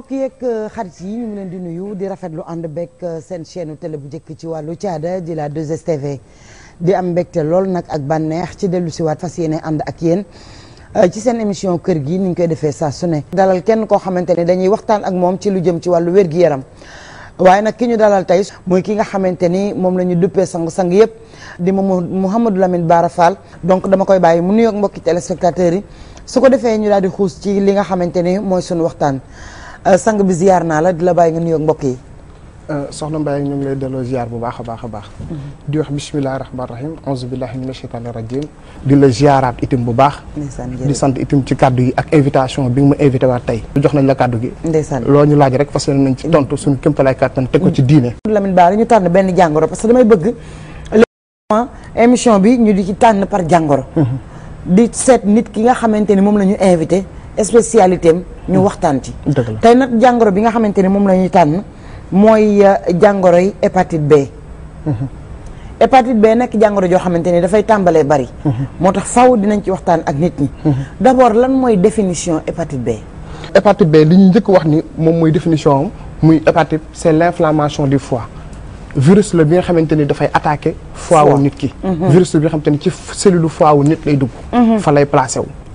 mbokk yek euh, xarit yi ñu leen di nuyu di rafetlu ànd bekk euh, seen chaîne télé bu njëkk ci wàllu caada di la 2STV di am mbégte lool nag ak bànneex ci dellu siwaat fas yéene ànd ak yéen euh, ci seen émission kër gi ni ñu koy defee saa su ne dalal kenn koo xamante ne dañuy waxtaan ak moom ci lu jëm ci wàllu wér-gi-yaram waaye nag ki ñu dalal tey mooy ki nga xamante ni moom la ñu duppee sang-sang yépp di moom Mouhamadou Lamine Bara Fall donc dama koy bàyyi mu nuyoog mbokki téléspectateurs yi su ko defee ñu daal di xuus ci li nga xamante ni mooy waxtaan Euh, sang bi ziar naa la di la bàyyi nga nuyoog mbokk yi. Euh, soxna Mbaye ñu ngi lay delloo ziar bu baax a baax a baax. Mhm. di wax bisimilah rahmaani rahim auzu billahi mina shaytaani rajim di la ziaraat itam bu baax. di sant itam ci kàddu yi ak invitation bi nga ma invité waat tey. jox nañ la kàddu gi. ndeysaan loo ñu laaj rek fas yéene nañ ci mhm. tontu suñu kéemtalaay kàttan teg ko ci diine. Lamine Ba ñu tànn benn jàngoro parce que damay bëgg. émission bi ñu di ci tànn par jàngoro. Mhm. di seet nit ki nga xamante ni moom la ñu invité. spécialité am ñu mm. waxtaan ci. tey nag jàngoro bi nga xamante ne moom la tànn mooy jàngoro euh, jàngoroy hépatite B. Mm-hmm. hépatite B nekk jàngoro joo xamante ni dafay tàmbalee bari. Mm-hmm. moo tax faaw dinañ ci waxtaan ak nit ñi. Mm-hmm. d'abord lan mooy définition hépatite B. hépatite B li ñu njëkk wax ni moom mooy définition am muy hépatite c'est l'inflammation du fois virus la bi nga xamante ni dafay attaquer fois wu nit ki. virus la bi nga xamante ni ci cellule foie wu nit lay dugg. fa lay placé wu.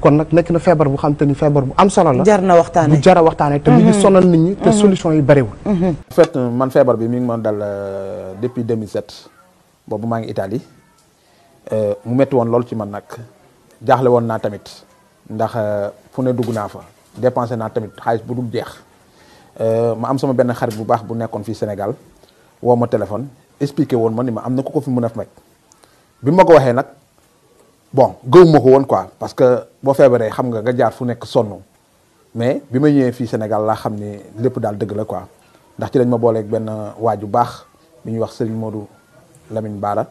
kon nag nekk na feebar bu xam te ni feebar bu am solo la. jar na waxtaanee bu jar a waxtaanee. te mi ngi mhm. sonal nit ñi mhm. solution yi bëriwul. Mhm. en man feebar bi mi ngi man dal euh, depuis 2007 boobu maa ngi Italie euh, mu métti woon ci man nag jaaxle woon naa tamit ndax euh, fu ne dugg naa fa dépensé naa tamit xaalis bu dul jeex ma am sama benn xarit bu baax bu nekkoon fi Sénégal woo ma téléphone expliqué woon ma ni ma am na ku ko fi mun a fa faj bi ma ko waxee nag. bon gëwuma ko woon quoi parce que boo feebaree xam nga nga jaar fu nekk sonn mais bi ma ñëwee fii Sénégal laa xam ni lépp daal dëgg la quoi ndax ci lañ ma booleek benn waaju baax bi ñuy wax Serigne Modou Lamine Bara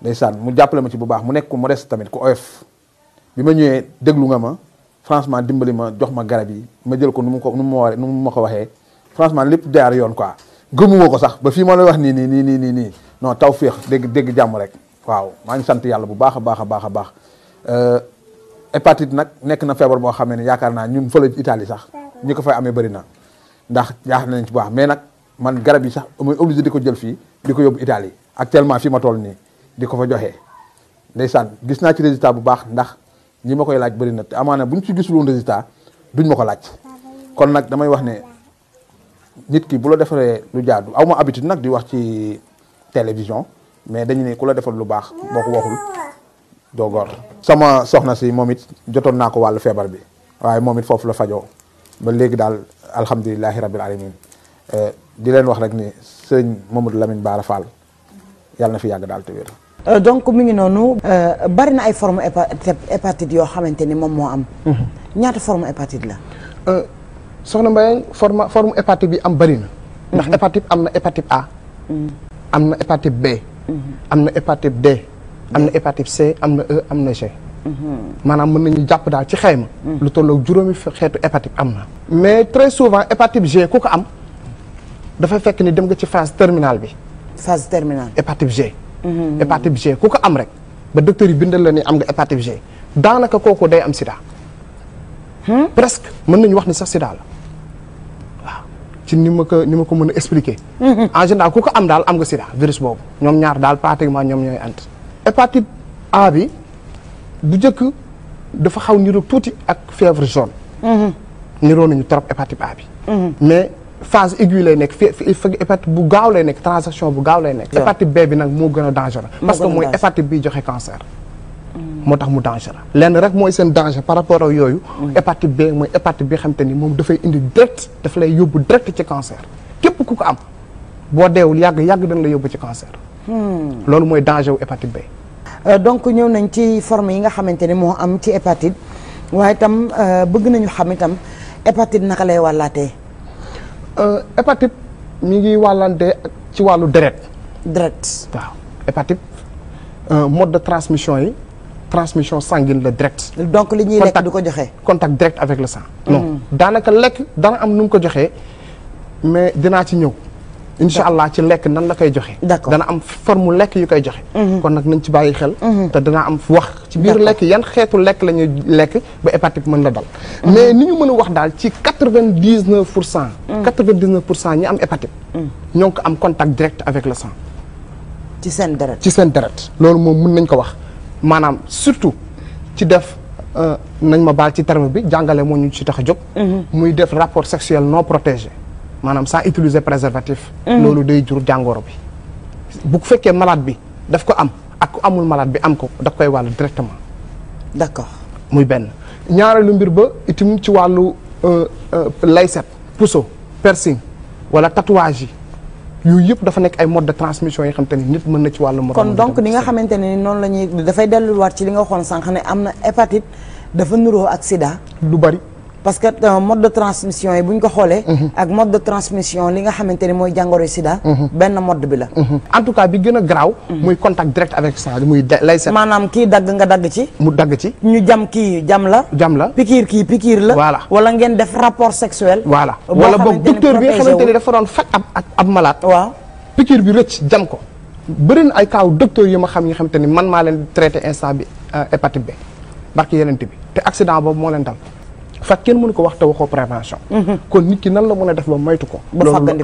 ndeysaan mu jàppale ma ci bu baax mu nekk ku des tamit ku oyof bi ma ñëwee déglu nga ma franchement dimbali ma jox ma garab yi ma jël ko nu mu ko nu mu ma waree nu mu ma ko waxee franchement lépp jaar yoon quoi gëmuma ko sax ba fii ma lay wax nii nii nii nii nii non taw féex dégg dégg jàmm rek. waaw maa ngi sant yàlla bu baax a baax a baax a baax euh, hépatite nag nekk na feebar boo xam ne yaakaar naa ñun fële Italie sax ñi ko fay amee bëri na ndax jaax nañ ci baax mais nag man garab yi sax muy obligé di ko jël fii di ko yóbbu Italie actuellement fii ma toll nii di ko fa joxe ndeysaan gis naa ci résultat bu baax ndax ñi ma koy laaj bëri na te amaana bu ñu ci gisul woon résultat duñ ma ko laaj kon nag damay wax ne nit ki bu la defaree lu jaadu aw ma habitude nag di wax ci télévision. mais dañu ne ku la defal lu baax boo ko waxul doo góor sama soxna si moom it jotoon naa ko wàllu feebar bi waaye moom it foofu la fajoo ba léegi daal alhamdulilahi rabbil alamin eh, di leen wax rek ni sëñ Mamadou Lamine Bara Fall yàlla na fi yàgg daal te wér eh, donc mi ngi noonu. Eh, bari na ay forme hépatite yoo xamante ni moom moo am. Mhm. ñaata forme hépatite la. soxna Mbaye forme forme hépatite bi am bari na. ndax mhm. hépatite am na hépatite A. Mhm. am na hépatite B. am na hépatite D am na hépatite C am na E am na G maanaam mën nañu jàpp daal ci xayma lu tolloog juróomi xeetu hépatite am na mais très souvent hépatite G ku ko am dafa fekk ni dem nga ci phase terminale bi phase terminale hépatite G mhm. hépatite G ku ko am rek ba docteur yi bindal la ni am nga hépatite G daanaka kooku day am sida hmm? presque mën nañu wax ni sax sida la ci ni ma ko ni ma ko mën a expliquer. Mhm. en général ku ko am daal am nga sida virus boobu ñoom ñaar daal pratiquement ñoom ñooy ànd. hépatite bi bu njëkk dafa xaw niroog tuuti ak fièvre jaune. Mhm. niroo nañu trop hépatite A bi. Mhm. mais lay nekk fii bu gaaw lay nekk transaction bu gaaw lay nekk. hépatite B bi nag moo gën a dangereux. parce que mooy hépatite bi joxe cancer. moo tax mu danger lenn rek mooy seen danger par rapport ak yooyu hépatite B mooy hépatite bi xam te ni moom dafay indi direct daf lay yóbbu direct ci cancer képp ku ko am boo deewul yàgg yàgg dañ la yóbbu ci cancer hmm. loolu mooy danger wu hépatite B euh, donc ñëw nañ ci forme yi nga xamante ne moo am ci hépatite waaye itam euh, bëgg nañu xam itam hépatite naka lay wàllaatee euh, hépatite mi ngi wàllante ci wàllu deret deret waaw hépatite mode de transmission yi transmission sanguine le direct. donc li ñuy lekk du ko contact direct avec le sang. Mm. non daanaka lekk dana am nu mu ko joxee mais dina ci ñew inshallah ci lek nan la koy joxe. dana am formule lek yu koy joxe. Mm-hmm. kon nak nañ ci bayyi xel. Mm-hmm. te dana am wax ci biir lek yan xétu lek lañu lek ba hépatique mën dal. Mm-hmm. mais ni ñu mën wax dal ci 99% 99% mm. ñi am hépatique mm. ñoo am contact direct avec le sang. ci sen deret ci sen deret loolu moom mën nañ ko wax. maanaam surtout ci def euh, nañ ma baal ci terme bi jàngale moo ñu ci tax a jóg. Mhm. muy def rapport sexuel non protégé maanaam sans utiliser préservatif. Mhm. loolu day jur jàngoro bi. bu fekkee malade bi daf ko am ak ku amul malade bi am ko daf koy wàllu directement. d'accord muy benn ñaareelu mbir ba itam ci wàllu euh, euh, layset puso piercing wala tatouage yi. yooyu yëpp dafa nekk ay mode de transmission yi xam te ni nit mën na ci wàllu moroom kon donc ni nga xamante ne noonu la ñuy dafay delluwaat ci li nga waxoon sànq ne am na hépatite dafa nuroo ak sida lu bari parce que euh, mode de transmission yi bu ñu ko xoolee. Mhm. ak mode de transmission li nga xamante ni mooy jàngoro sida. Mhm. benn mode bi la. Mhm. en tout cas bi gën a garaaw. muy contact direct avec ça muy lay maanaam kii dagg nga dagg ci. mu dagg ci. ñu jam kii jam la. jam la pikiir kii pikiir la. voilà wala ngeen def rapport sexuel. voilà wala boog docteur bi nga xamante ni dafa doon faj ab ab malade. waaw pikiir bi rëcc jam ko. bëri na ay kaaw docteur yi ma xam ñi nga xamante ni man maa leen traité instant bi euh, hépatite B barki bi te accident boobu moo leen dal. fa mu ko wax taw waxoo prévention mhm. kon nit ki nan la mën def ba maytu ko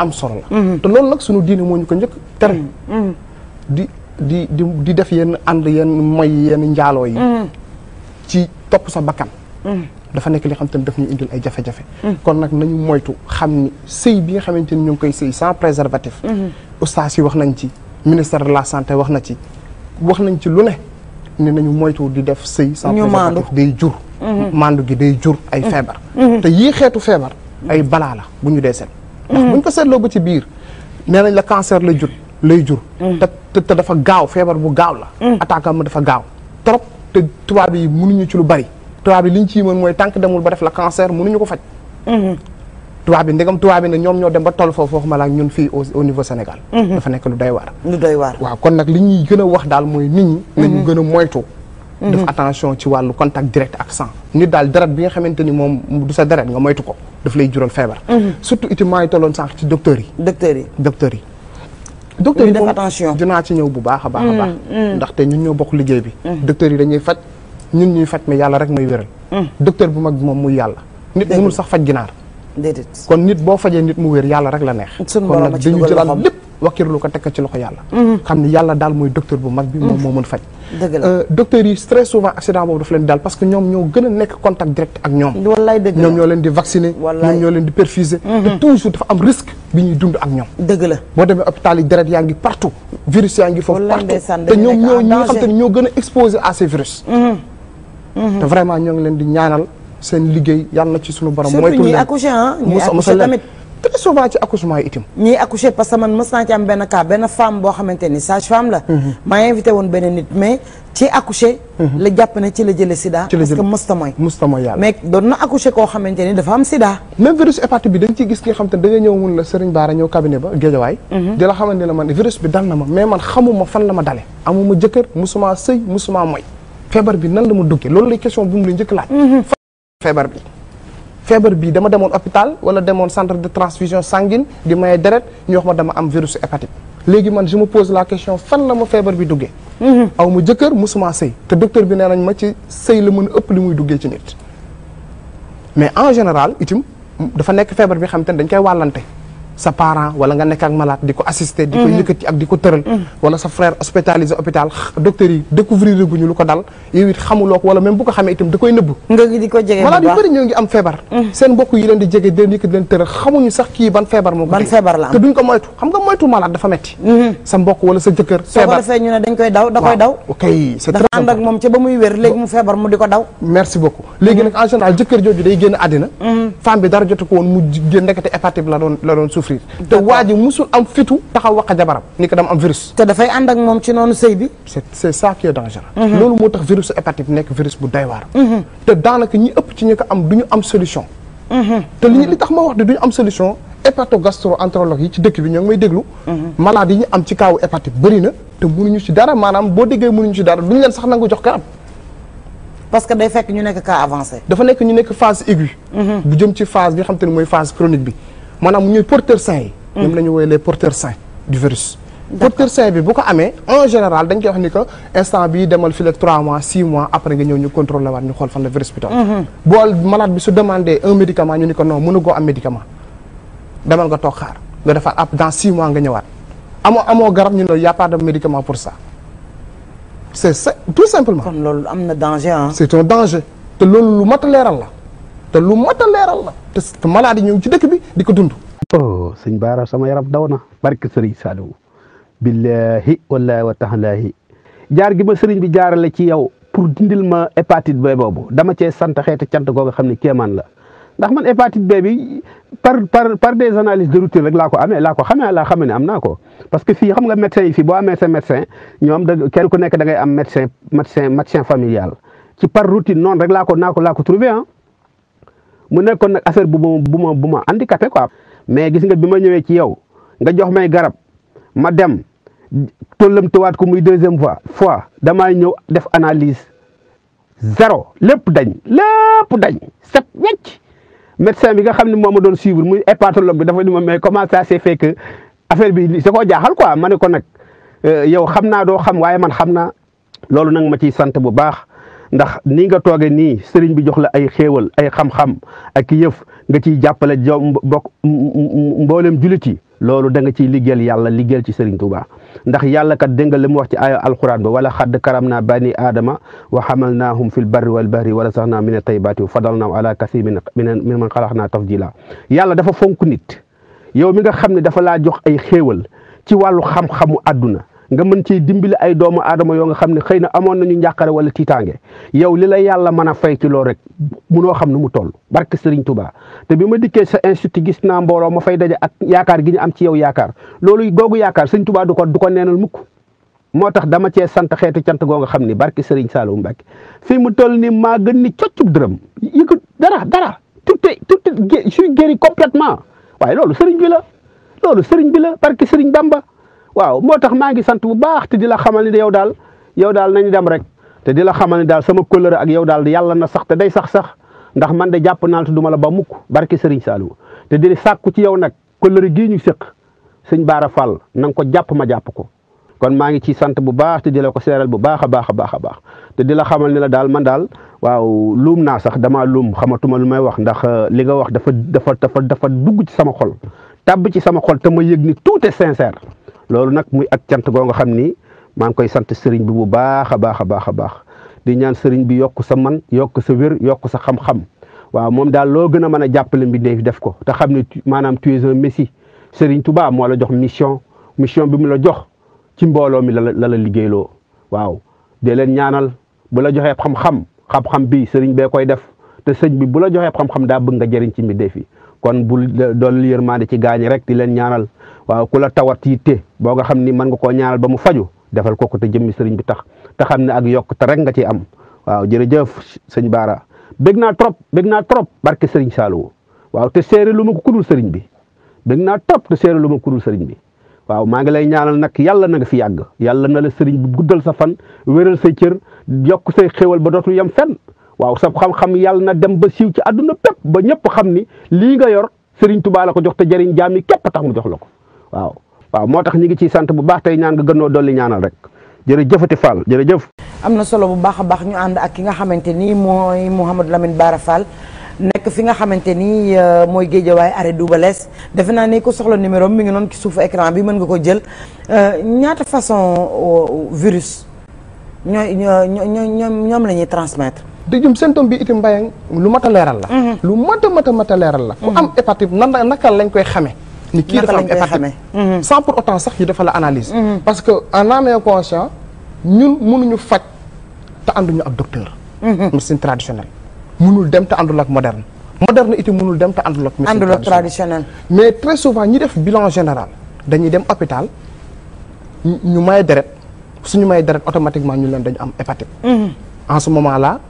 am solo la mhm. te loolu nak suñu diine moñu ko ñëk ter mhm. di di di def yeen and yeen moy yeen njaalo yi ci top sa bakam dafa nek li xam daf ñu indul ay jafe-jafe kon nak nañu moytu xam ni bi nga xamante ñu koy sey sans préservatif oustaz yi wax nañ ci ministère de la santé wax na ci wax nañ ci lu ne ni nañu moytu di def sey sans préservatif day jur màndu mm-hmm. gi day jur ay mm-hmm. feebar mm-hmm. te yii xeetu feebar ay balaa la bu ñu dee seet ndax buñ ko seetloo ba ci biir nee nañ la cancer la jur lay jur te dafa gaaw feebar bu gaaw la attaque am dafa gaaw trop te tubaab yi mënuñu ci lu bari tubaab yi liñ ci mën mooy tànk demul ba def la cancer mënuñu ko faj tubaab bi ndegam tubaab bi ne ñoom ñoo dem ba toll foofu waxuma la ñun fi au niveau Sénégal dafa nekk lu doy waar lu doy waar waaw kon nag li ñuy gën a wax daal mooy nit ñi nañu gën a moytu Mm-hmm. def attention ci wàllu contact direct ak sang nit daal deret bi nga xamante ni moom du sa deret nga moytu ko daf lay jural feebar mm-hmm. surtout itam maa ngi tolloon sànq ci docteurs yi docteurs yi docteurs yi docteurs yi def bu baax a baax a mm-hmm. bokk liggéey bi docteurs yi dañuy faj ñun ñuy faj mais yàlla rek mooy wéral docteur bu mag bi moom muy yàlla nit mënul sax faj ginaar déedéet kon nit boo fajee nit mu wér yàlla rek la neex kon nag dañu jëlaat lépp wakkirlu ko teg ko ci loxo yàlla mhm. xam ni yàlla daal mooy docteur bu mag bi moom mhm. mën faj euh, docteurs yi très souvent accident boobu daf leen daal parce que ñoom ñoo gën a nekk contact direct ak ñoom ñoom ñoo leen di vacciner ñoom ñoo leen di perfuser mhm. te toujours dafa am risque bi ñuy dund ak ñoom dëgg boo demee hôpital yi deret yaa ngi partout virus yaa ngi foofu partout te seen liggéey yàlla na tamit très souvent ci accouchement yi itam. ñiy man mës naa ci am boo xamante ni sage la. Mhm. maa invité woon benn nit mais ci accouché. Mhm. la jàpp ci la jëlee sida. ci mësta mooy. mësta mooy yàlla mais doon na accouché koo xamante dafa am sida. même virus hépatite bi dañ ciy gis nga xam te ne ñëw mun la Serigne Bara ñëw cabinet ba Géejawaay. Mhm. di la man virus bi dal na ma mais man xamuma fan la ma dalee. amuma jëkkër feebar bi feebar bii dama demoon hôpital wala demoon centre de transfusion sanguine di maye deret ñu wax ma dama am virus hépatite léegi man je me pose la question fan la ma feebar bi duggee mhm. aw ma jëkkër musuma sëy te docteur bi nee nañ ma ci sëy la mën ëpp li muy duggee ci nit mais en général itam dafa nekk feebar bi xam te ne dañ koy wàllante sa parent wala nga nekk ak malade di ko assister. di ko mhm. yëkkati ak di ko tëral. Mhm. wala sa frère hospitalisé hôpital docteur yi découvrir guñu lu ko dal yow it xamuloo ko wala même bu xamee itam da di ko jege malade yu bëri ñoo ngi am mhm. dafa metti sa mbokk wala sa jëkkër. feebar soo ko defee ñu ne dañ koy daw da koy daw. dafa moom ca ba muy wér léegi mu feebar mu di ko daw. merci beaucoup léegi nag en jëkkër jooju day génn àddina femme bi dara jotu ko woon mu génn ndekete souffrir te waa musul am fitu taxaw wax jabaram ni ko dam am virus te fay and ak mom ci nonu sey bi c'est c'est ça qui est dangereux mhm. loolu motax virus hépatite nek virus bu day war. Mhm. te danaka ñi ëpp ci ñi ko am duñu am solution mhm. te li li tax ma wax de duñu am solution hépatogastro-entérologue yi ci dëkk bi ñoo ngi may déglu malade yi am ci kaawu hépatite bëri na te mënuñu ci dara manam bo déggee mënuñu ci dara duñu leen sax nangu jox garab parce que day fekk ñu nek cas avancé dafa nek ñu nek phase aiguë bu jëm ci phase bi xam tane moy phase chronique bi manam ñuy porteurs sains yi. Mm. ñoom la ñu les porteurs sains du virus. porteur sain bi bu ko amé en général dañ koy wax ni ko instant bi demal fi rek 3 mois 6 mois après nga ñëw ñu contrôler waat ñu xol fan le virus bi toll. Mm-hmm. bool malade bi su demandé un médicament ñu ni ko non mënu goo am médicament demal nga tok xaar nga defaat ab dans 6 mois nga ñëwaat amo amo garab ñu ne y' a pas de médicament pour ça c'est tout simplement. comme loolu amna danger hein c'est est un danger te loolu lu mat leeral la. te lu mot a leeral la te te malade ñëw ci dëkk bi di ko dund. oh sëñ Baara sama yaram daw na barke Sëriñ Saliou billahi wallahi wa taalahi jaar gi ma sëriñ bi jaarale ci yow pour dindil ma hépatite B boobu dama cee sant xeetu cant googu xam ne kéemaan la ndax man hépatite B bi par par par des analyses de routine rek laa ko amee laa ko xamee laa xamee ne am naa ko parce que fii xam nga médecin yi fii boo amee sa médecin ñoom da kenn ku nekk da ngay am médecin médecin médecin familial ci par routine noonu rek laa ko naa ko laa ko trouvé ah mu nekkoon nag affaire bu ma bu ma bu ma handicapé quoi mais gis nga bi ma ñëwee ci yow nga jox may garab ma dem tollam tuwaat ko muy deuxième fois fois damaa ñëw def analyse zéro lépp dañ lépp dañ set wecc médecin bi nga xam ne moom ma doon suivre muy hépatologue bi dafa ni ma mais comment ça s'est fait affaire bi sa koo jaaxal quoi ma ne ko nag euh, yow xam naa doo xam waaye man xam naa loolu nag ma ciy sant bu baax ndax nii nga toogee nii sëriñ bi jox la ay xéewal ay xam-xam ak yëf nga ciy jàppale jo bokk mboolem jullit yi loolu da nga ciy liggéeyal yàlla liggéeyal ci sëriñ Tuuba ndax yàlla kat dégg nga li mu wax ci aaya alquran ba wala xadd karam naa bani aadama wa xamal naahum fi l barri wal bahri wa rasaxnaa min a taybaati wa fadal naa ala kasir min min man xalax naa tafdila yàlla dafa fonk nit yow mi nga xam ne dafa laa jox ay xéewal ci wàllu xam-xamu àdduna nga mën cee dimbali ay doomu aadama yoo nga xam ne xëy na amoon nañu njàqare wala tiitaange yow li la yàlla mën a fay ci loolu rek munoo xam ne mu toll barke Serigne Touba te bi ma dikkee sa institut gis naa mbooloo ma fay daje ak yaakaar gi ñu am ci yow yaakaar loolu googu yaakaar Serigne tubaa du ko du ko neenal mukk moo tax dama cee sant xeetu cant goo nga xam ne barke Serigne Saliou Mbacke fii mu toll nii maa gën ni dërëm yëkkat dara dara tout est tout waaye loolu Serigne bi la loolu Serigne bi la barke Serigne Bamba waaw moo tax maa ngi sant bu baax te di la xamal ni yow daal yow daal nañu dem rek te di la xamal ni daal sama kóllëre ak yow daal yàlla na sax te day sax sax ndax man de jàpp naa te du ma la ba mukk barki Serigne Saliou te di sàkku ci yow nag kóllëre gii ñu sëq sëñ Baara Fall na nga ko jàpp ma jàpp ko. kon maa ngi ci sant bu baax te di ko seeral bu baax baax a baax a baax te di la xamal ni la daal man daal waaw luum naa sax damaa luum xamatuma lu may wax ndax euh, li nga wax dafa dafa dafa dafa dugg ci sama xol tàbb ci sama xol te ma yëg ni tout est sincère. loolu nag muy ak cant goo nga xam ni maa ngi koy sant sëriñ bi bu baax a baax a baax a baax di ñaan sëriñ bi yokk sa man yokk sa wér yokk sa xam-xam waaw moom daal loo gën a mën a jàppale bi day def ko te xam ne maanaam tu es un messie sëriñ Touba moo la jox mission mission bi mu la jox ci mbooloo mi la la la liggéeyloo waaw dee leen ñaanal bu la joxee xam-xam xam bi sëriñ bee koy def te sëñ bi bu la joxee xam-xam daa bëgg nga jëriñ ci mbindeef fi kon bu doon yërmaande ci gaañi rek di leen ñaanal waaw ku la tawat yitte bo nga xamni ni nga ko ñaanal ba mu faju defal kooku te jëmmi sëriñ bi tax ta xamni ak yok ta rek nga ci am waaw jërëjëf sëñ Baara bég trop begna trop barke sëriñ salu waaw te séré lu ma ko kudul sëriñ bi begna top trop te séré lu ma kudul sëriñ bi waaw ma nga lay ñaanal nak yalla na nga fi yag yalla na la sëriñ bi guddal sa fan wëral sa cër yok say xéwal ba dotul yam fenn waaw sa xam-xam yalla na dem ba siiw ci aduna pep ba ñepp xamni ni nga yor serigne touba la ko jox te jëriñ jami kep tax mu jox lako waaw waaw moo tax ñu ngi ciy sant bu baax tey ñaan nga gënoo dolli ñaanal rek jërëjëfati Fall jërëjëf. am na solo bu baax a baax ñu ànd ak ki nga xamante ni mooy Mouhamadou Lamine Bara Fall nekk fi nga xamante ni euh, mooy géejawaay arrêt Double Less defe naa ne ko soxla numéro mi ngi noonu ci suufu écran bi mën nga ko jël euh, ñaata façon euh, virus ñooy ñoom ñoom la ñuy transmettre. dëjum symptôme bi itam mbayang lu mat a leeral la. Mhm. lu mat a mat a mat a leeral la. ku mhm. am hépatite nan naka lañ koy xamee. ni qui est fait hépatite sans pour autant ça qu'il dafa la analyse mm-hmm. parce que en âme et conscience ñun mënuñu faj te ànduñu ak docteur mm-hmm. médecine traditionnelle nous dem te àndul ak moderne moderne nous mënul dem te àndul ak médecine traditionnel. mais très souvent ñi def bilan général Nous dem hôpital ñu nous deret suñu may nous automatiquement ñu nous dañu am hépatite mm-hmm. en ce moment là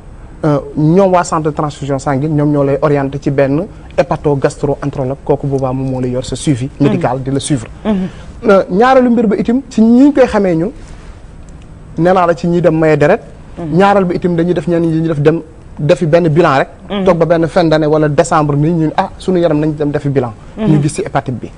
euh, ñoom wa centre de transfusion sanguine ñom ñolay lay orienté ci ben hépato gastro entérologue kooku boobaa moom moo lay yor ce suivi mhm. médical di le suivre mhm. euh, ñaaralu mbir ba itim ci ñi koy xamé ñun nee la ci ñi dem maye deret mhm. ñaaral bi itim dañuy def ñan ñi def dem defi ben bilan rek tok ba ben fin d'année wala décembre ni ñu ah suñu yaram nañ dem defi bilan ñu gis ci hépatite bi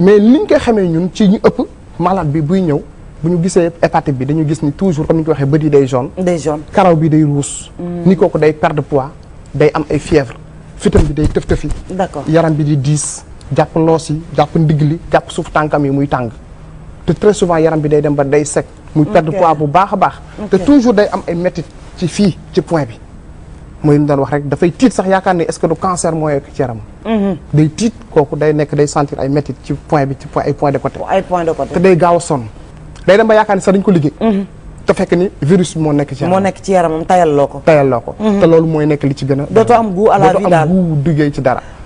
mais liñ koy xamé ñun ci ñi ëpp malade bi buy ñew buñu ñu gisee bi dañu gis ni toujours comme ni ko waxee bët day jaune. day jaune karaw bi day ruus. Mm. ni kooku day perdre poids day am ay fièvre fitam bi day teuf yi d'accord yaram bi di diis japp loos japp ndigli japp suuf tankam yi muy tang te très souvent yaram bi day dem ba day sec. muy perdre poids bu baax baax. te toujours day am ay métit ci fi ci point bi. moy ñu dañ wax rek fay tite sax yaakaar ni est-ce que du cancer moy ak ci yaram. Mm-hmm. day tite koku day nek day sentir ay métit ci point bi ci point ay point de côté. ay point de côté te day gaaw son day dem ba yaakaar ni sax dañ ko liggéey. Mhm. te fekk ni virus moo nekk ci yaram moo nekk ci yaramam tayal loo ko. tayal loo ko mhm. te loolu mooy nekk li ci gën a. dootoo am goût à la vie daal dootoo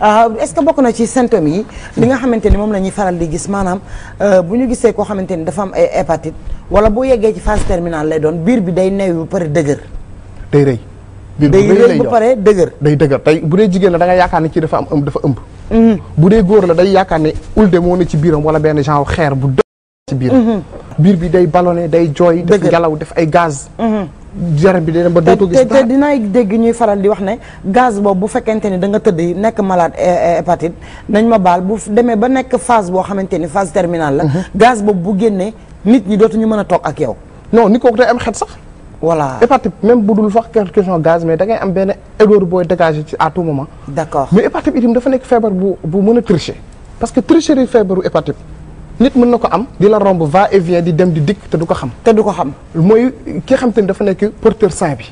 euh, am na ci symptômes yi. nga xamante ni moom la ñuy faral di gis maanaam euh, bu ñu gisee koo xamante ni dafa am ay hépatite wala boo yeggee ci phase terminale lay doon biir bi day neew ba pare dëgër. day rëy. biir bu pare dëgër. day dëgër tey bu dee jigéen la da yaakaar ni ci dafa am ëmb dafa ëmb. Mhm. bu dee góor la day yaakaar ne ulde moo ne ci biiram wala benn genre xeer bu ci biir bir bi day ballonné day joy def galaw def ay gaz. Mhm. yaram bi day dem ba dootoo gis. te dinaay dégg ñuy faral di wax ne gaz boobu bu fekkente ni da nga tëdd nekk malade eh, eh, hépatite nañ ma bal bu démé ba nekk phase bo xamante phase terminale la. Mhm. gaz boobu bu génné nit ñi dootuñu ñu mëna tok ak yow. non ni ko day am xet sax. voilà hépatite même bu dul wax question gaz mais da ngay am benn erreur boy dégager ci à tout moment. d'accord mais hépatite itam dafa nekk fièvre bu bu mëna a tricher. parce que tricherie feebaru hépatite nit mën na ko am di la romb va et vient di dem di dikk te du ko xam. te du ko xam mooy ki xam te ni dafa nekk porteur sain bi.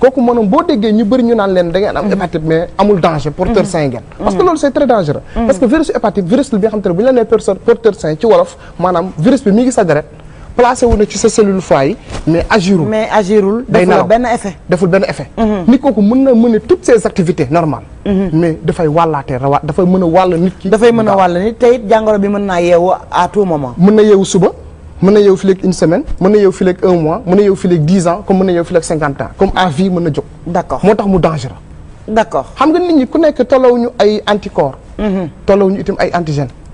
kooku maanaam boo déggee ñu bëri ñu naan leen da ngeen am mm-hmm. hépatite mais amul danger porteur mm-hmm. sain ngeen mm-hmm. parce que loolu c'est très dangereux parce que virus hépatite virus bi nga xam te ne bu ñu la nee porteur sain ci wolof maanaam virus bi mi ngi sa deret placé wu ci sa cellule foie mais agirul. mais agirul deful ben effet deful benn effet. Mhm. nit koku mën na toutes ces activités normales. Mhm. mais dafay wàllaatee rawaat dafay mën a wàll nit ki. da fay a wal nit te jangoro bi mën yewu à tout moment. monnaie ou suba. ou yewu une semaine monnaie yewu yow un mois monnaie yewu yow 10 dix ans comme monnaie yewu yow 50 cinquante ans comme à vie monnaie na d'accord motax tax mu dangereux. d'accord xam nga nit ñi ku nekk tolloo ay anticorps. Mhm. tolloo ñu itim ay antigène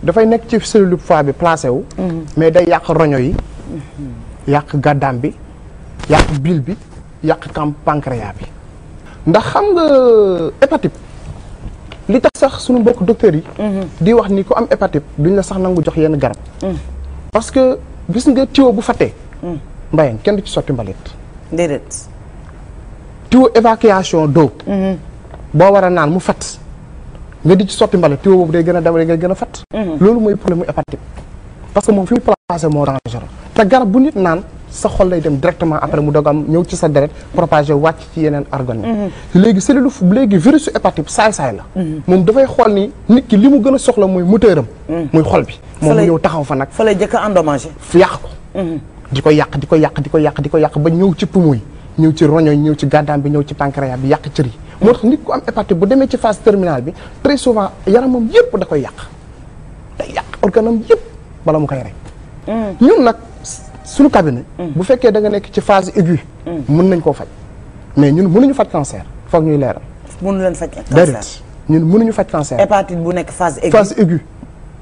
dafay nekk ci cellule foie bi placé mm-hmm. mais day yàq roño yi. Mm-hmm. yàq gàddaam bi yàq bile bi yàq camp pancréas bi. ndax xam nga hépatite li tax sax suñu mbokk docteurs yi. Mm-hmm. di wax ni ku am hépatite duñ la sax nangu jox yenn garab. Mm. parce que gis nga tuyau bu fattee. Mm. mbayeen kenn du ci sotti mbalit. déedéet. tuyau évacuation d'eau. boo war a naan mu fatt. nga di ci sotti mbala tuyau boobu day gën a dawale ngay gën a fat mhm. loolu mooy problème mu hépatite parce que moom fi mu placé moo dangereux te garab bu nit naan sa xol lay dem directement après mu doog am ñëw ci sa deret propagé wàcc ci yeneen organes yi mhm. léegi cellule léegi virus hépatite saay-saay la mhm. moom dafay xool ni nit ki li mu gën a soxla mooy moteur am muy xol bi moom mu ñëw taxaw fa nag fa lay jëkk a endommagé yàq ko di ko yàq di ko yàq di ko yàq di ko yàq ba ñëw ci poumon yi ñëw ci ci gàddaam bi ñëw ci pancréas bi yàq cër yi moo tax nit ku am hépatite bu demee ci phase terminale bi très souvent yaramam yëpp da koy yàq day yàq organam yëpp bala mu koy rey. Hmm. ñun nag suñu cabinet. Hmm. bu fekkee da nga nekk ci phase aiguë. Hmm. mën nañ koo faj mais ñun mënuñu faj cancer foog ñuy leeral. mënu leen faj cancer déedéet ñun mënuñu faj cancer. hépatite bu nekk phase aiguë phase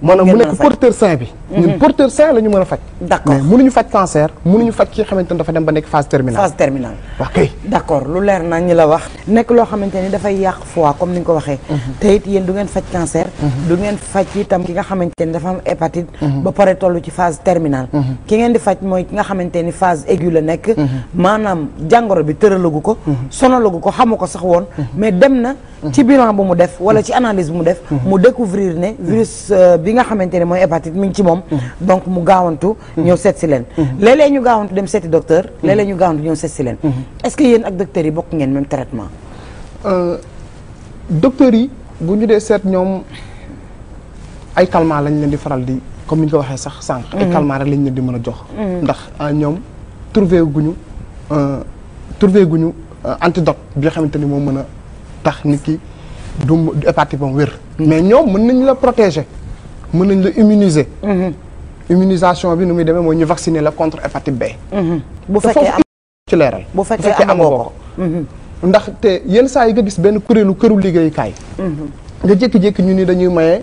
maanaam mu nekk porteur sain bi mhm. ñun porteur sain la ñu a faj d'accord mais mënuñu faj cancer mënuñu faj ki xamante ne dafa dem ba nekk phase terminale phase terminale wax kay d'accord lu leer na ñi la wax nekk loo xamante ni dafay yàq foie comme ni ko waxee mhm. te it du ngeen faj cancer du ngeen faj itam ki nga xamante ni dafa am hépatite mhm. ba pare toll ci phase terminale mhm. ki ngeen di faj mooy ki nga xamante ni phase aiguë nekk mhm. maanaam jàngoro bi tëralagu ko sonalagu ko xamu ko sax woon mais dem na ci bilan bu mu def wala ci analyse mu def mu découvrir ne virus euh, bi nga xamante ne mooy hépatite mi ngi ci moom donc mu gaawantu ñëw seet si leen léeg-léeg ñu gaawantu dem seeti docteur léeg-léeg ñu gaawantu ñëw seet si leen est-ce que yéen ak docteurs yi bokk ngeen même traitement euh, docteurs yi bu ñu ay calmant lañ leen di faral di comme ni ñu ko waxee sax sànq. ay mm-hmm. calmant rek lañ leen di mën a jox. Mm-hmm. ndax euh, ñoom trouvé guñu euh, trouvé guñu euh, antidote bi nga xamante ni moo mën a tax nit ki du hépatite bam wér. Mm-hmm. mais ñoom mën nañ la protéger mën nañ la immuniser. immunisation bi nu muy demee mooy ñu vacciner la contre hépatite B. bu fekkee am ci leeral. bu fekkee amoo ko ndax te yenn saa yi nga gis benn kuréelu këru liggéeyukaay. nga jékki-jékki ñu ni dañuy maye.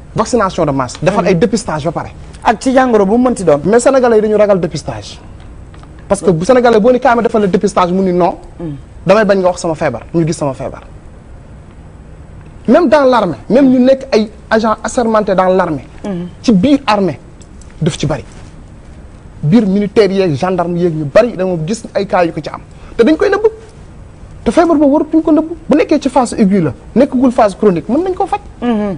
vaccination de masse. defar ay dépistage ba pare. ak ci jàngoro bu mu mënti doon. mais sénégalais yi dañu ragal dépistage. parce que bu sénégalais boo ni kaame defal la dépistage mu ni non. Mm. damay bañ nga wax sama feebar ñu gis sama feebar. même dans l' armée même ñu nekk ay agent assermenté dans l' mm. ci biir armée daf ci bëri biir militaire yeeg gendarme yeeg ñu bëri dama gis ay cas yu ko ci am te dañ koy nëbb te feebar boobu waratuñ ko nëbb bu nekkee ci phase aiguë la nekkagul phase chronique mën nañ koo faj mm-hmm.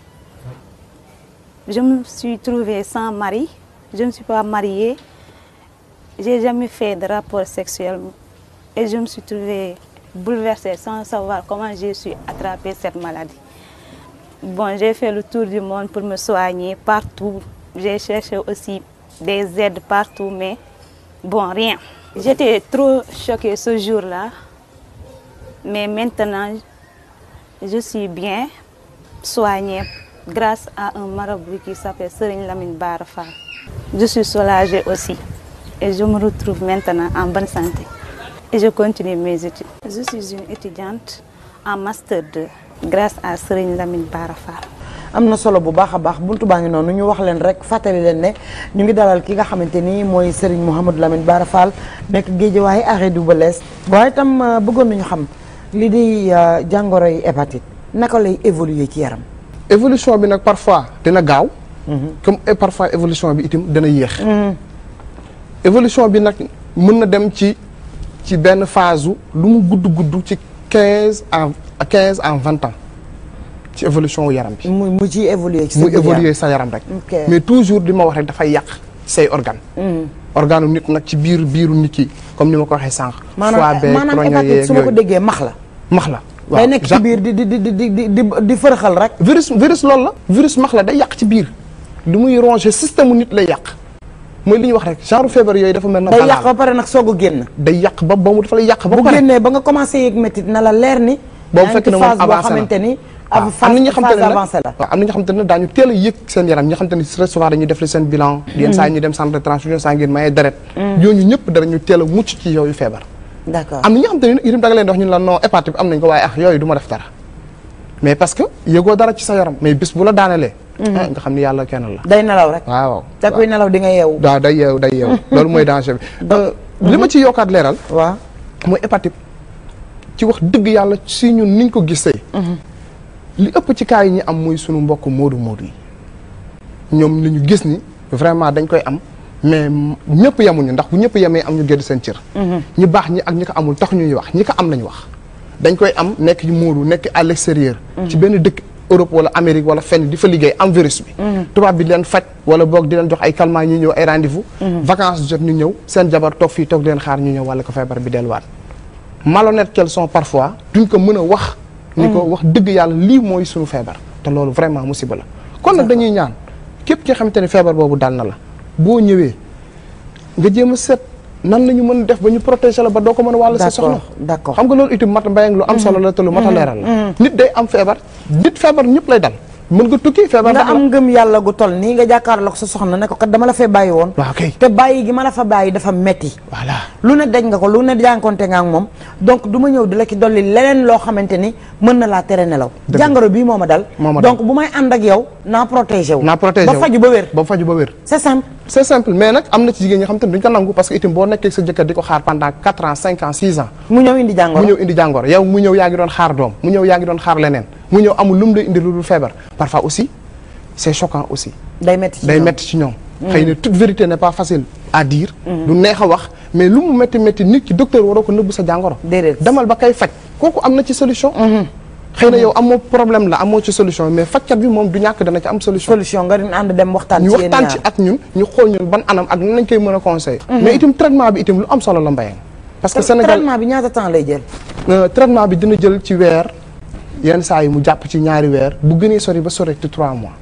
je me suis trouvée sans mari, je ne suis pas mariée, j'ai jamais fait de rapport sexuel et je me suis trouvée bouleversée sans savoir comment je suis attrapée cette maladie. Bon, j'ai fait le tour du monde pour me soigner partout. J'ai cherché aussi des aides partout, mais bon, rien. J'étais trop choquée ce jour-là, mais maintenant, je suis bien soignée grâce à un marabout qui s'appelle Serigne Lamine Barfa. Je suis soulagée aussi et je me retrouve maintenant en bonne santé et je continue mes études. Je suis une étudiante en master 2 grâce à Serigne Lamine Barfa. amna solo bu baax a baax buntu baa ngi noonu ñu wax leen rek fàttali leen ne ñu ngi dalal ki nga xamante ni mooy Serigne Mouhamadou Lamine Barafal. Fall nekk Guédiawaye arrêt du Balès waaye itam euh, bëggoon nañu xam li di euh, jàngoroy hépatite naka lay évoluer ci yaram. évolution bi nag parfois dina gaaw. Mhm. comme parfois évolution bi itim dana yéex. Mhm. évolution bi nag mën na dem ci ci benn phase lu mu gudd gudd ci quinze en quinze en vingt ans ci évolution wu yaram bi. mu mu ci sa yaram mu évoluer sa yaram rek. mais toujours li ma wax rek dafay yàq say organe mhm. organe nit nag ci biir biiru nit ki comme ni ma ko waxee sànq. foie beeg maanaam su ma ko déggee max la. max la. day nekk ci biir di di di di di di di fërxal rek. virus virus loolu la. virus max la day yàq ci biir. lu muy ronger système u nit lay yàq. mooy li ñu wax rek genre feebar yooyu dafa mel na. day yàq ba a génn. day yàq ba ba mu dafa lay yàq ba pare. bu génnee ba nga commencé yëg métit na la leer ni. boo fekk na moom avancé na waaw am na ñi xamante ne waaw am a yëg seen yaram ñi xamante ne très souvent dañuy def seen bilan. yenn saa yi mm. ñu dem centre de transfusion sanguine maye deret. Mm. ñëpp dara teel a mucc ci yooyu feebar. d'accord am na ñoo xam te ne itam da nga leen dox la non hépatite bi am nañ ko waaye ah yooyu du def dara mais parce que yëgoo dara ci sa yaram mais bis bu la daanelee mhm. ah, nga xam ni yàlla kenn la day nelaw rek waaw te kuy nelaw di nga yeewu waaw day yeewu day yeewu loolu mooy danger bi euh, li ma ci yokkaat leeral waaw mooy hépatite ci wax dëgg yàlla si ñun niñ ko gis gisee mhm. li ëpp ci cas yi ñu am muy sunu mbokk moodu moodu yi ñoom li gis ni vraiment dañ koy am mais ñëpp yemuñu ndax bu ñëpp yemee am ñu gëdd seen cër mhm. ñi baax ñi ak ñi amul tax ñuy wax ñi ko am lañ wax dañ koy am nekk yu muuru nekk à l'extérieur mhm. ci benn dëkk Europe wala Amérique wala fenn di fa liggéey am virus bi mhm. tubaab bi di leen faj wala boog di leen jox ay calmants ñu ñëw ay rendez-vous vacances jot ñu ñëw seen jabar toog fii toog di xaar ñu ñëw wala ko feebar bi delluwaat malhonnête qu'elles sont parfois duñ ko mën a wax ni ko wax dëgg yàlla lii mooy suñu feebar te loolu vraiment musiba la kon nag dañuy ñaan képp ki xamante ne feebar dal na la boo ñëwee nga jéem a seet nan la ñu mën def ba ñu protéger la ba doo ko mën a wàll sa soxna d'accord xam nga loolu itam mat mbéyang lu am solo la te lu mat a mhm, leeral la mhm. nit day am feebar nit feebar ñëpp lay dal mën nga tukki feebar nga am ngëm yàlla gu toll nii nga jàkkaarloog sa soxna ne ko kat dama la fee bàyyi woon waaw kay te bàyyi gi ma la fa bàyyi dafa metti voilà lu ne daj lu ne jànkonte nga moom donc du ma ñëw di la ci dolli loo xamante ni mën na laa tere nelaw jàngoro bii moo ma dal donc bu may ànd ak yow naa protégé wu naa protégé wu ba faju ba wér ba faju ba wér c'est simple c'est simple mais nag am na ci jigéen ñi xam te ne duñ ko nangu parce que itam boo nekkee sa jëkkër di ko xaar pendant 4 ans 5 ans 6 ans mu ñëw indi jàngoro mu mu ñëw yaa ngi doon xaar doom mu ñëw ya ngi doon xaar leneen mu ñëw amul lu lay indi lu dul parfois aussi c'est choquant aussi. day métti ci ñoom day mm. toute vérité n'est pas facile à dire. Mm. du neex a wax mais lu mu métti métti nit ki docteur waroo ko nëbbu sa jàngoro. demal ba kay faj kooku am na ci solution. Mm-hmm. xëy na mm-hmm. yow amoo problème la amoo ci solution mais fajkat bi moom du ñàkk dana ci am solution. solution nga doon ànd dem waxtaan ci ñu waxtaan ci ak ñun ñu xool ñun ban anam ak nan lañ koy mën a conseiller. Mm-hmm. mais itam traitement bi itam lu am solo la mbayang parce que Sénégal traitement bi ñaata temps lay jël. Euh, traitement bi dina jël ci weer. yenn saa yi mu jàpp ci ñaari weer bu gënee sori ba sori ci trois mois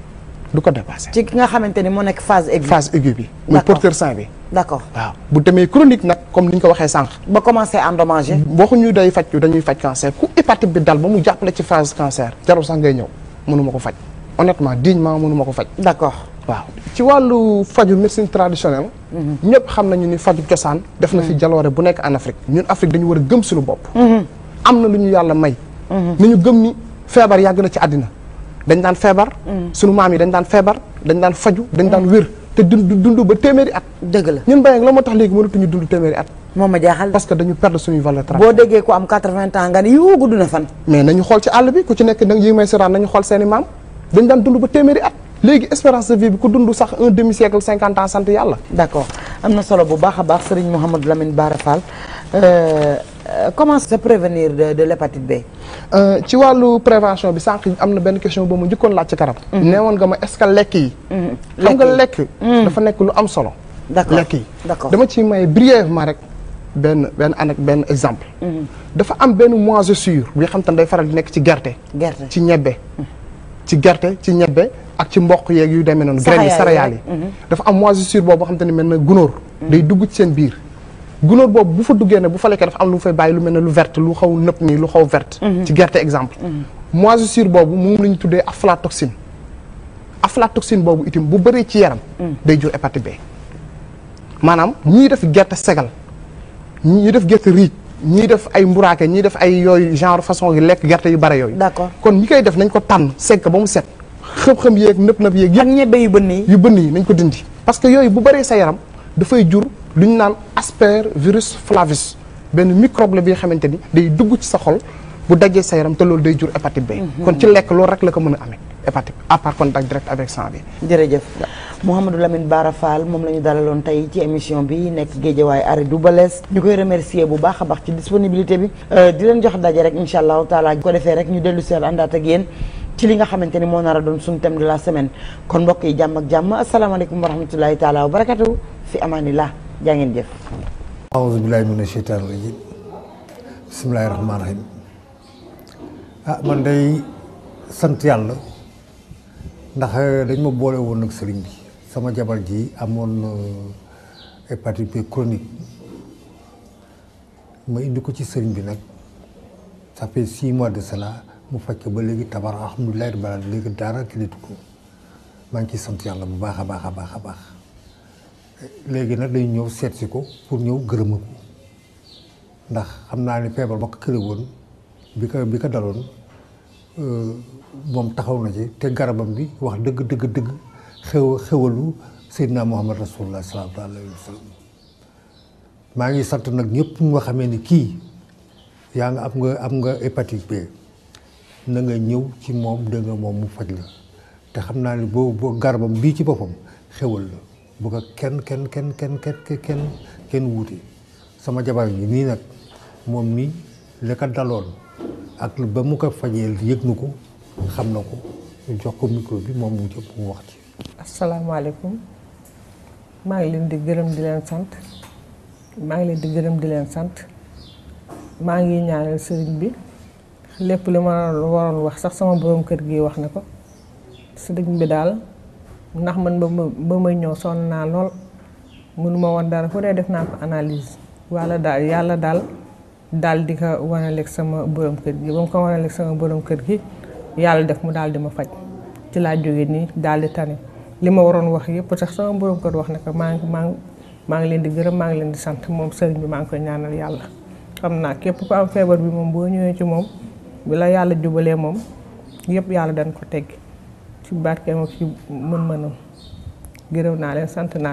du ko dépassé. ci ki nga xamante ni moo nekk phase aiguë. phase aiguë bi muy porteur sain bi. d' accord waaw bu demee chronique nag comme ni ñu ko waxee sànq. ba commencé endommagé. waxuñu bi dal ba mu jàppale ci phase cancer jarul sax ngay ñëw mënu ko faj honnêtement dignement mënu ma ko faj. d' accord waaw ci wàllu faju médecine traditionnelle. Mhm. ñëpp xam nañu ni faju cosaan. def na fi mhm. jaloore bu nekk en ñun Afrique dañu war a gëm suñu bopp. Mhm. am nañu gëm ni feebar yàgg na ci àddina dañ daan feebar mm. sunu maam yi dañ daan feebar dañ daan faju dañ daan mm. wér te dund ba téeméeri at dëgg la ñun Mbayang la moo tax léegi mënatuñu dund téeméeri at moom ma jaaxal parce que dañu perdre suñuy valeur boo déggee ko am 80 ans nga ne yu gudd na fan mais nañu xool ci àll bi ku ci nekk nag yi may siraan nañu xool ba téeméeri at léegi espérance de vie bi ku dund sax un demi siècle cinquante ans sant yàlla d' accord am na solo bu baax a baax Serigne Mouhamadou Lamine Bara Fall euh, Euh, comment se prévenir de l'hépatite B. Euh, ci la prévention bi a une question mu mhm. est-ce que yi. Mhm. xam nga mhm. dafa lu d'accord lekk yi dama ci may brièvement ben, exemple. dafa am vous moisissure de nga xam faral ci ci ñebbe. ci ci ñebbe ak ci yu graines dafa am moins xam gunóor boobu bu fa duggee ne bu fa lekkee dafa am lu fay bàyyi lu mel ne lu verte lu xaw nëpp nii lu xaw verte mhm. ci gerte exemple mhm. moisissure boobu moom la ñu tuddee aflatoxine aflatoxine boobu itam bu bëree ci yaram mhm. day jur hépatite B maanaam ñii def gerte segal ñii def gerte riij ñii def ay mburaake ñii def ay yooyu genre façon yi lekk gerte yu bare yooyu d'accord kon ñi koy def nañ ko tànn segg ba mu set xam-xam yeeg nëpp nëpp yeeg yëpp ñebe yu bënn yi yu bënn yi nañ ko dindi parce que yooyu bu bëree sa yaram dafay jur lu ñu naan virus flavus benn microbe la bi nga xamante ni day dugg ci sa xol bu dajee sa yaram te loolu day jur hépatite B. Mhm. kon ci lekk loolu rek la ko mën a amee à part contact direct avec sang bi. jërëjëf Mouhamadou Lamine Bara Fall moom la ñu dalaloon tey ci émission bi nekk Géejawaay Arrêt Doubalès ñu koy remercier bu baax baax ci disponibilité bi euh, di leen jox daje rek incha allahu taala ko defee rek ñu dellu seen àndaat ak yéen ci li nga xamante ni moo nar doon suñu thème de la semaine kon mbokk yi jàmm ak jàmm asalaamaaleykum wa rahmatullahi wa barakatu fi amaanillah jaa ngeen jëf aouzu billahi mina sheytaani rajim bismillahi rahmaani rahim ah man day sant yàlla ndax dañ ma boole woon nag sëriñ bi sama jabar ji amoon euh, hépatite B chronique ma indi ko ci sëriñ bi nag ça fait six mois de cela mu faj ko ba léegi tabar alhamdulilah rabbil alamin léegi daara kilatu ko maa ngi ciy sant yàlla bu baax a baax a baax a baax léegi nag dañu ñëw seet si ko pour ñëw gërëma ko ndax xam naa ni feebar ba ko kële bi ko bi ko daloon euh, moom taxaw na ci te garabam bi wax dëgg dëgg dëgg xew xewalu Seydina Muhammad Rasulullah sallallahu alayhi wa sallam maa ngi sant nag ñëpp nga xamee ni kii yaa nga am nga am nga hépatite B na nga ñëw ci moom da moom mu faj la te xam naa ni boo boo garabam bii ci boppam xewal la bu ko kenn kenn kenn kenn kenn kenn kenn wuute sama jabar yi nii nag moom mi la ko daloon ak ba mu ko fajee yëg na ko xam na ko ñu jox ko micro bi moom mu jëm mu wax ci. asalaamaaleykum maa ngi leen di gërëm di leen sant maa ngi leen di gërëm di leen sant maa ngi ñaanal sëriñ bi lépp li ma waroon wax sax sama borom kër gi wax na ko sëriñ bi daal. ndax man ba ma ba may ñëw sonn naa lool mënuma woon dara fu dee def naa ko analyse walla daal yàlla daal daal di ko wanaleeg sama borom kër gi ba ko wanaleeg sama borom kër gi yàlla def mu daal di ma faj ci laa jógee nii daal di tani li ma waroon wax yëpp sax sama borom kër wax na maa ngi maa ngi maa leen di gërëm maa ngi leen di sant moom sëriñ bi maa ngi koy ñaanal yàlla xam naa képp ku am feebar bi moom boo ñëwee ci moom bi la yàlla jubalee moom yëpp yàlla dañ ko teggi ci barkeem ak ci mën-mënam naa leen sant naa